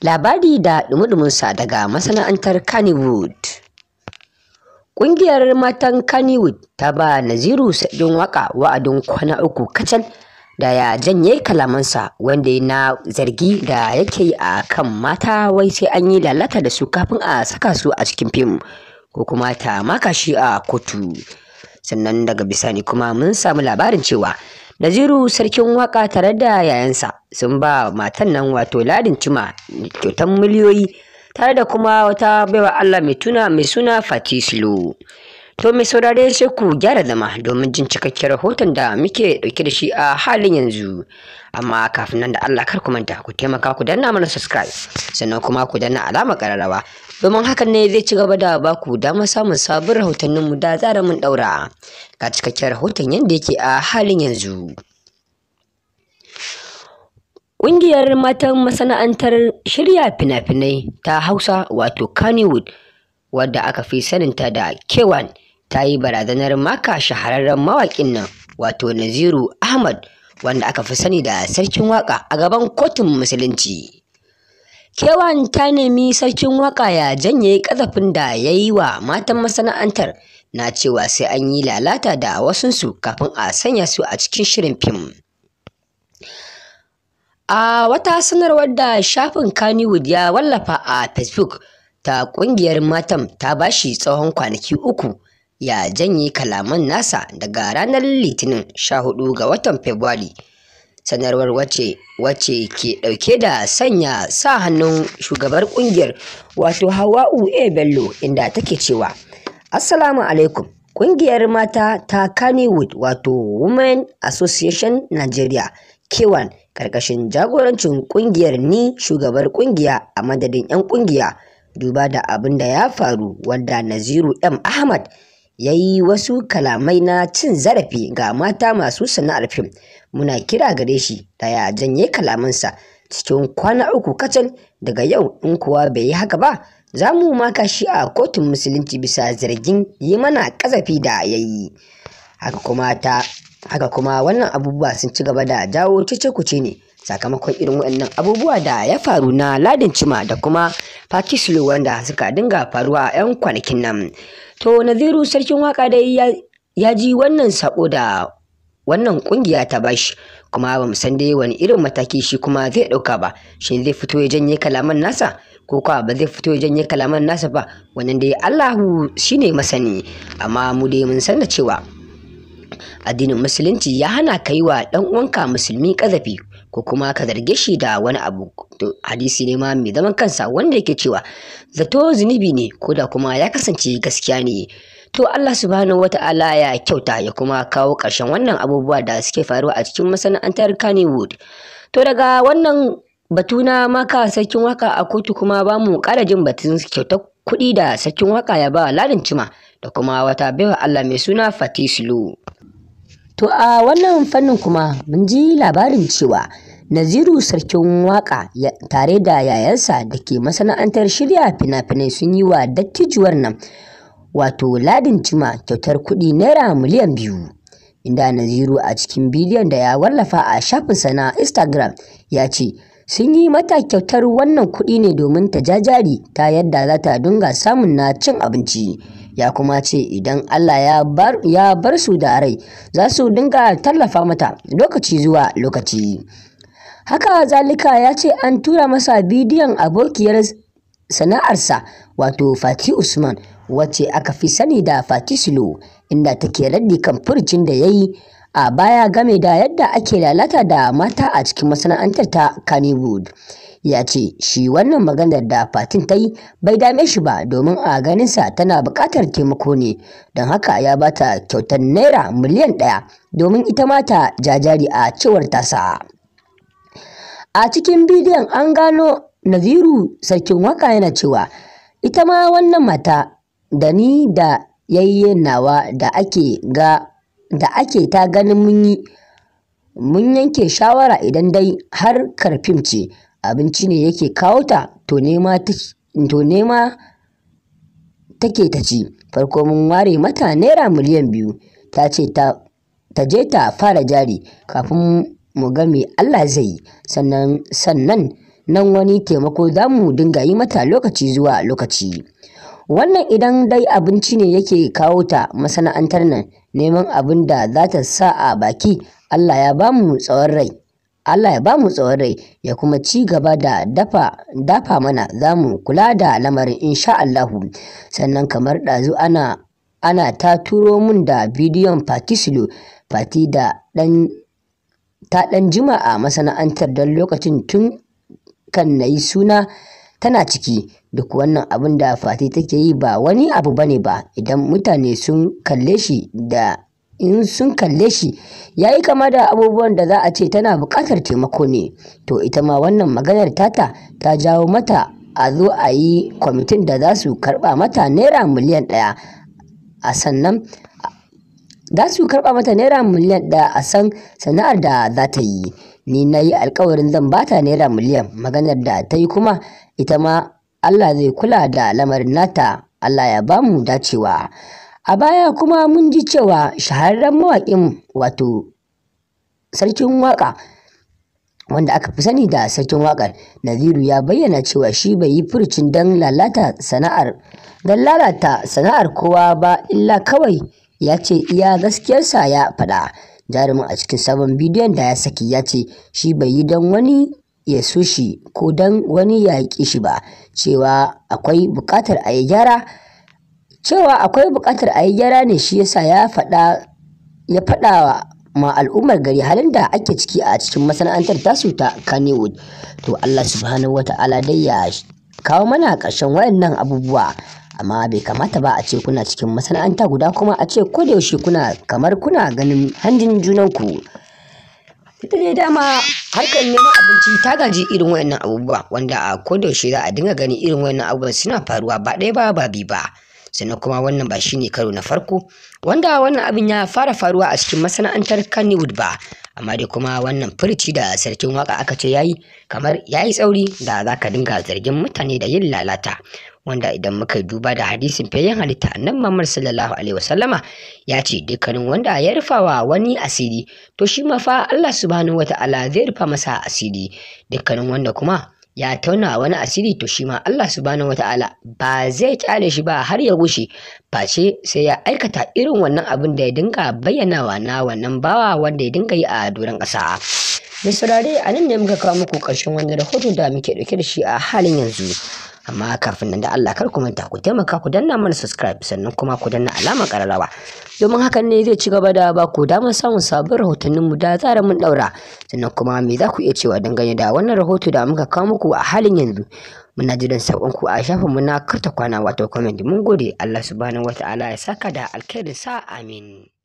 labari da dumudumunsa daga masana'antar Kannywood. Ƙungiyar matan Kannywood ta ba Naziru saɗin Waka wa'adin kwana uku kacal da ya janye kalamansa wanda na zargi da yake a kan mata wai sai an yi lalata da su kafin a saka su a cikin fim ko kuma ta maka shi a kotu. Sannan daga bisani kuma mun samu labarin cewa Naziru sarkin waka tare da yayansa sun ba matan nan wato Ladin Cima kyautan miliyoyi tare da kuma wata baiwa Allah mai tuna mai suna Fatislo. To mai saurare sai ku gyara zama domin jin cikakken rahoton da muke ɗauke da shi a halin yanzu. Amma kafin nan da Allah kar ku manta ku taimaka ku danna mana subscribe sannan kuma ku danna alamar kararrawa domin hakan ne zai ci gaba da baku damar samun sabon rahotanninmu da zara mun daura ga cikakken rahoton yadda yake a halin yanzu Ƙungiyar matan masana'antar shirya fina-finai ta Hausa wato Kannywood wadda aka fi saninta da K1 ta yi barazanar maka shahararren mawakin nan wato Naziru Ahmad wanda aka fi sani da sarkin waka a gaban kotun musulunci. Kewan ta nemi sarkin waƙa ya janye ƙazafin da ya yi wa matan masana'antar, na cewa sai an yi lalata da wasunsu kafin a sanya su a cikin shirin fim. A wata sanarwar da shafin Kannywood ya wallafa a Facebook ta ƙungiyar matan ta bashi shi tsawon kwanaki uku ya janye kalaman nasa daga ranar Litinin 14 ga watan Fabrairu. sanarwar wacce wacce ke dauke da sanya sa hannun shugabar kungiyar wato Hawa ue bello inda take cewa assalamu alaikum kungiyar mata ta kannywood wato women association nigeria Kewan 1 karkashin jagorancin kungiyar ni shugabar kungiya a madadin 'yan kungiya duba da abin da ya faru wanda naziru m ahmad ya yi wasu kalamai na cin zarafi ga mata masu sana'ar fim muna kira gare shi da ya janye kalamansa cikin kwana uku kacal daga yau in kuwa bai yi haka ba za mu maka shi a kotun musulunci bisa zargin yi mana kazafi da ya yi haka kuma wannan abubuwa sun ci gaba da jawo cece kuce ne sakamakon irin waɗannan abubuwa da ya faru na ladin cima da kuma pakislu wanda suka dinga faruwa a 'yan kwanakin nan to naziru sarkin waka dai ya ji wannan sako da wannan kungiya ta bashi kuma ba mu san dai wani irin mataki shi kuma zai ɗauka ba shi zai fito ya janye kalaman nasa ko kuwa ba zai fito ya janye kalaman nasa ba wannan dai Allahu shine masani amma mu dai mun san da cewa addinin musulunci ya hana kai wa ɗan uwanka musulmi kazafi ko kuma ka zarge shi da wani abu to hadisi ne ma mai zaman kansa wanda yake cewa zato zunubi ne ko da kuma ya kasance gaskiya ne to Allah subhanahu wata'ala ya kyauta ya kuma kawo ƙarshen wannan abubuwa da suke faruwa a cikin masana'antar Kannywood to daga wannan batu na maka sarkin waka a kotu kuma ba mu ƙara jin batun kyauta kuɗi da sarkin waka ya ba ladin cima da kuma wata baiwa Allah mai suna Fatisulu. To a wannan fannin kuma mun ji labarin cewa Naziru sarkin Waka, tare da yayansa da ke masana'antar shirya fina-finai sun yi wa dattijuwar nan wato Ladin cima kyautar kuɗi Naira miliyan biyu. Inda Naziru a cikin bidiyon da ya wallafa a shafin na Instagram ya ce, sun yi mata kyautar wannan kuɗi ne domin ta jajari ta yadda za ta dunga samun na cin abinci. ya kuma ce idan Allah ya bar su da rai za su dinga tallafa mata lokaci zuwa lokaci haka zalika ya ce an tura masa bidiyon abokiyar sana'arsa wato fati usman wacce aka fi sani da fati silo inda take raddi kan furcin da ya yi a baya game da yadda ake lalata da mata a cikin masana'antar ta Kannywood. ya ce shi wannan maganar da fatin ta yi bai dame shi ba domin a ganinsa tana buƙatar taimako ne don haka ya bata kyautar naira miliyan ɗaya domin ita ma ta jajari a cewar tasa a cikin bidiyon an gano naziru sarkin waka yana cewa ita ma wannan mata da ni da yayyen nawa da ake ga da ake ta ganin mun yi mun yanke shawara idan dai har karfin ce abinci ne yake kawo ta to nema to take ta ci farko mun ware mata naira miliyan biyu ta ce ta je ta fara jari kafin mu ga me Allah zai yi sannan sannan nan wani taimako za mu dinga yi mata lokaci zuwa lokaci wannan idan dai abinci ne yake kawo ta masana'antar nan neman abin da za ta sa a baki Allah ya bamu tsawon rai Allah ya ba mu tsawon rai ya kuma ci gaba da dafa dafa mana za mu kula da lamarin insha Allahu sannan kamar ɗazu ana ana ta turo mun da bidiyon Fati Silo Fati da ɗan ta ɗan jima masana'antar don lokacin tun kan na yi suna tana ciki duk wannan abin da Fati take yi ba wani abu bane ba idan mutane sun kalle shi da in sun kalle shi ya yi kama da abubuwan da za a ce tana buƙatar taimako ne to ita ma wannan maganar tata ta jawo mata a zo a yi kwamitin da za su karɓa mata naira miliyan ɗaya a sannan za su karɓa mata naira miliyan ɗaya a san sana'ar da za ta yi ni na yi alkawarin zan bata naira miliyan maganar da ta yi kuma ita ma allah zai kula da lamarin nata allah ya bamu dacewa A baya kuma mun ji cewa shahararren mawaƙin wato sarkin waƙa wanda aka fi sani da sarkin waƙar Naziru ya bayyana cewa shi bai yi furucin don lalata sana'ar don lalata sana'ar kowa ba illa kawai ya ce iya gaskiyarsa ya faɗa. Jarumin a cikin sabon bidiyon da ya saki ya ce shi bai yi don wani ya sushi ko don wani ya ƙi shi ba cewa akwai buƙatar a yi gyara cewa akwai buƙatar a yi gyara ne shi ya sa ya faɗa ma al'ummar gari halin da ake ciki a cikin masana'antar tasu ta Kannywood. To Allah subhanahu wa ta'ala dai ya kawo mana ƙarshen wayannan abubuwa. amma bai kamata ba a ce kuna cikin masana'anta guda kuma a ce ko da yaushe kuna kamar kuna ganin handin junanku ita dai dama harkar neman abinci ta gaji irin wayannan abubuwa wanda a ko da yaushe za a dinga ganin irin wayannan abubuwa suna faruwa ba ɗaya ba ba biyu ba sannan kuma wannan ba shine karo na farko wanda wannan abin ya fara faruwa a cikin masana'antar Kannywood ba amma dai kuma wannan furici da sarkin waka aka ce yayi kamar yayi tsauri da zaka dinga zargin mutane da yin lalata wanda idan muka duba da hadisin fayyan halitta nan mamar sallallahu alaihi wasallama ya ce dukkanin wanda ya wa wani asiri to shi ma fa Allah subhanahu wataala zai rufa masa asiri dukkanin wanda kuma ya tauna wani asiri to shi ma Allah subhanahu wata'ala ba zai kyale shi ba har ya gushe face sai ya aikata irin wannan abin da ya dinga bayyanawa na wannan bawa wanda ya dinga yi a doron ƙasa. Mai saurare a nan ne muka kawo muku ƙarshen wani rahoton da muke ɗauke da shi a halin yanzu. amma kafin nan da Allah kar ku manta ku taimaka ku danna mana subscribe sannan kuma ku danna alamar kararrawa domin hakan ne zai ci gaba da ba ku damar samun sabbin rahotannin mu da tsara mun daura sannan kuma me za ku iya cewa dangane da wannan rahoto da muka kawo muku a halin yanzu muna jiran sabon ku a shafin mu na karta kwana wato comment mun gode Allah subhanahu wataala ya saka da alkhairin sa amin